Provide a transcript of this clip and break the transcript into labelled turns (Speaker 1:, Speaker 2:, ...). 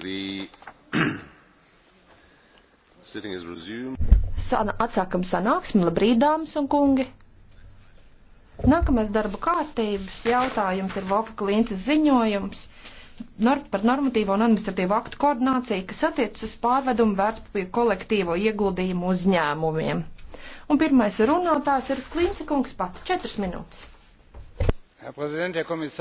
Speaker 1: The
Speaker 2: sitting is resumed.
Speaker 3: Sana, atsākam sanāksmi, labrīt, dāmas un kungi. Nākamais darba kārtības jautājums ir Volfa Klīnces ziņojums par normatīvo un administratīvo aktu koordināciju, kas attiecas uz pārvedumu vērtspapīru kolektīvo ieguldījumu uzņēmumiem. Un pirmais runātājs ir Klīnce kungs pats, četras minūtes.
Speaker 4: Herr Präsident, Herr Kommissar!